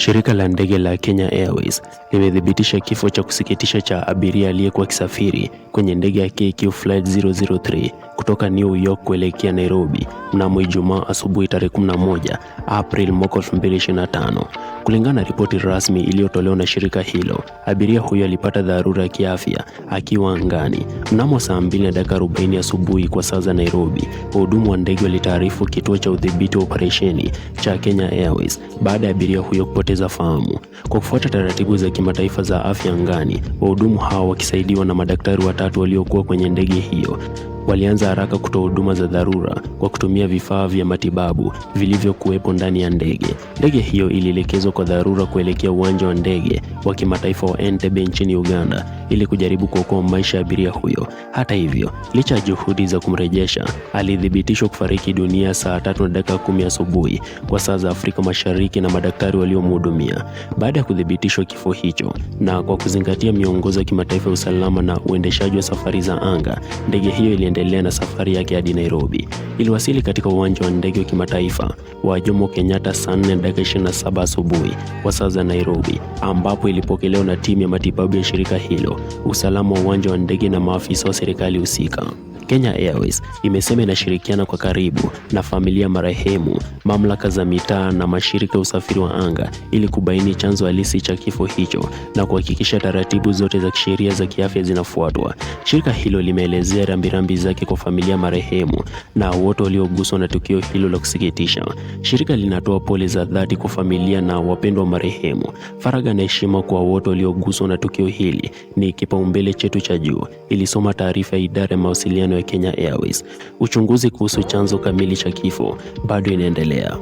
Shirika la ndege la Kenya Airways limethibitisha kifo cha kusikitisha cha abiria aliyekuwa akisafiri kwenye ndege ya KQ Flight 003 kutoka New York kuelekea Nairobi mnamo Ijumaa asubuhi tarehe 11 Aprili mwaka 2025. Kulingana na ripoti rasmi iliyotolewa na shirika hilo, abiria huyo alipata dharura ya kiafya akiwa angani mnamo saa 2 na dakika 40 asubuhi kwa saa za Nairobi. Wahudumu wa ndege walitaarifu kituo cha udhibiti wa operesheni cha Kenya Airways baada ya abiria huyo kupoteza fahamu. Kwa kufuata taratibu za kimataifa za afya angani, wahudumu hao wakisaidiwa na madaktari watatu waliokuwa kwenye ndege hiyo Walianza haraka kutoa huduma za dharura kwa kutumia vifaa vya matibabu vilivyokuwepo ndani ya ndege. Ndege hiyo ilielekezwa kwa dharura kuelekea uwanja wa ndege wa kimataifa wa Entebbe nchini Uganda ili kujaribu kuokoa maisha ya abiria huyo. Hata hivyo, licha ya juhudi za kumrejesha, alithibitishwa kufariki dunia saa tatu na dakika kumi asubuhi kwa saa za Afrika Mashariki na madaktari waliomhudumia. Baada ya kuthibitishwa kifo hicho na kwa kuzingatia miongozo ya kimataifa ya usalama na uendeshaji wa safari za anga, ndege hiyo ili aliendelea na safari yake hadi Nairobi. Iliwasili katika uwanja wa ndege wa kimataifa wa Jomo Kenyatta saa 4 dakika 27 asubuhi kwa saa za Nairobi, ambapo ilipokelewa na timu ya matibabu ya shirika hilo, usalama wa uwanja wa ndege na maafisa wa serikali husika. Kenya Airways imesema inashirikiana kwa karibu na familia marehemu, mamlaka za mitaa na mashirika ya usafiri wa anga ili kubaini chanzo halisi cha kifo hicho na kuhakikisha taratibu zote za kisheria za kiafya zinafuatwa. Shirika hilo limeelezea rambirambi zake kwa familia marehemu na wote walioguswa na tukio hilo la kusikitisha. Shirika linatoa pole za dhati kwa familia na wapendwa marehemu. faraga na heshima kwa wote walioguswa na tukio hili ni kipaumbele chetu cha juu, ilisoma taarifa ya idara ya mawasiliano ya Kenya Airways. Uchunguzi kuhusu chanzo kamili cha kifo bado inaendelea.